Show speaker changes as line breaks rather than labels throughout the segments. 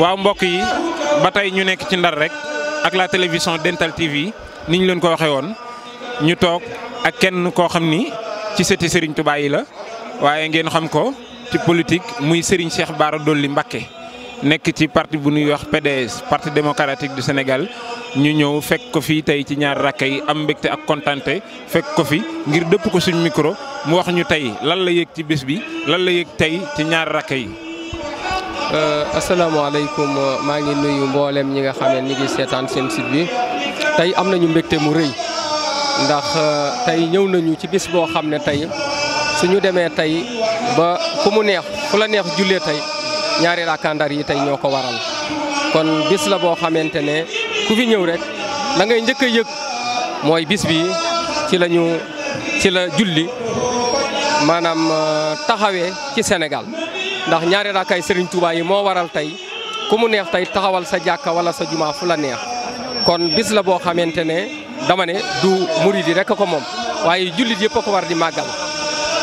waaw mbokk yi ba tey ñu nekk ci ndar rek ak la télévision Dental TV ni ñu leen ko waxee woon ñu toog ak kenn koo xam ni ci sëti Serigne Touba yi la waaye ngeen xam ko ci politique muy Serigne Cheikh Bara Dolly Mbacké nekk ci parti bu nuy wax PDS parti démocratique du Sénégal ñu ñëw fekk ko fii tey ci ñaar rakk yi am mbégte ak kontante fekk ko fi ngir dëpp ko suñ micro mu wax ñu tey lan la yéeg ci bés bi lan la yëg tey ci ñaar rakk yi. Euh,
asalaamaaleykum euh, maa ngi nuyu mboolem ñi nga xam ne ñu ngi seetaan seen site bi tey am nañu mbégte mu rëy ndax euh, tey ñëw nañu ci bis boo xam ne tey suñu demee tey ba ku mu neex fu la neex jullee tey ñaari rakkandar yi tey ñoo ko waral kon bis la boo xamante ne ku fi ñëw rek la ngay njëkk a yëg mooy bis bi ci lañu ci la julli maanaam taxawee ci Sénégal ndax ñaari rakkay Serigne Touba yi moo waral tey ku mu neex tey taxawal sa jàkka wala sa jumaa fu la neex kon bis la boo xamante ne dama ne du murid yi rek a ko moom waaye jullit yëpp a ko war di màggal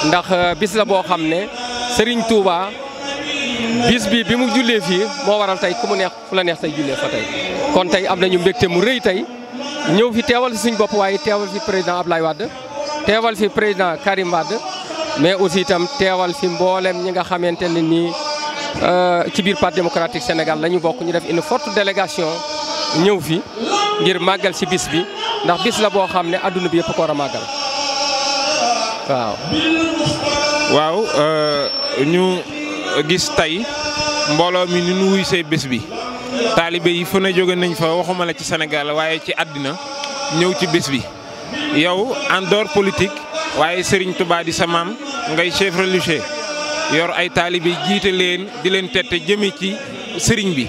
ndax euh, bis la boo xam ne sëriñ Touba bis bi bi mu jullee fii moo waral tey ku mu neex fu la neex say jullee fa tey kon tey am nañu mbégte mu rëy tey ñëw fi teewal fi suñ bopp waaye teewal fi président lay Wade teewal fi président Karim Wade mais aussi itam teewal fi mbooleem ñi nga xamante ne nii euh, ci biir parti démocratique Sénégal la bokk ñu def une forte délégation ñëw fi ngir màggal si bis bi ndax bis la boo xam ne adduna bi yëpp ko war a màggal
waaw. waaw euh, ñu gis tey mbooloo mi ni ñu wuy see bés bi taalibe yi fu na jóge nañ fa waxuma la ci Sénégal waaye ci àddina ñëw ci bis bi yow en dehors waaye Serigne Touba di sa maam ngay chef yor ay taalibe jiite leen di leen tette jëme ci Serigne bi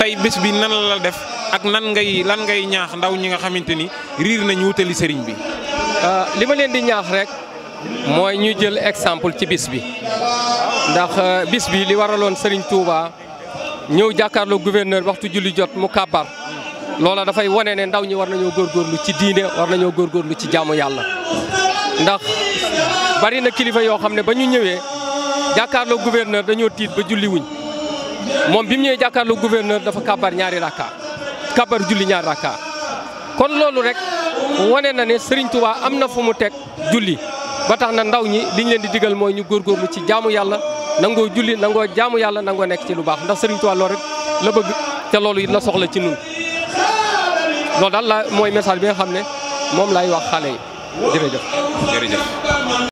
tey bés bi nan la def ak nan ngay lan ngay ñaax ndaw ñi nga xamante ni riir nañu wutali Serigne bi. Ah, li ma leen di ñaax rek mooy ñu jël exemple
ci bis bi ndax ah, bis bi li waraloon Serigne Touba ñëw jàkkaarloo gouverneur waxtu julli jot mu kàbbar loola dafay wane ne ndaw ñi war nañoo góor góorgóorlu ci diine war nañoo góorgóorlu ci jàmm yàlla. ndax bari na kilifa yoo xam ne ba ñu ñëwee jàkkaarloo gouverneur dañoo tiit ba julli wuñ moom bi mu ñëwee jàkkaarloo gouverneur dafa kàbbar ñaari rakka kàbbar julli ñaari rakka kon loolu rek wane na ne Serigne Touba am na fu mu teg julli ba tax na ndaw ñi liñ leen di digal mooy ñu mu ci jaamu yàlla nangoo julli nangoo jaamu yàlla nangoo nekk ci lu baax ndax Serigne loolu rek la bëgg te loolu it la soxla ci nun loolu daal la mooy message bi nga xam ne moom laay wax xale yi. jërëjëf
jërëjëf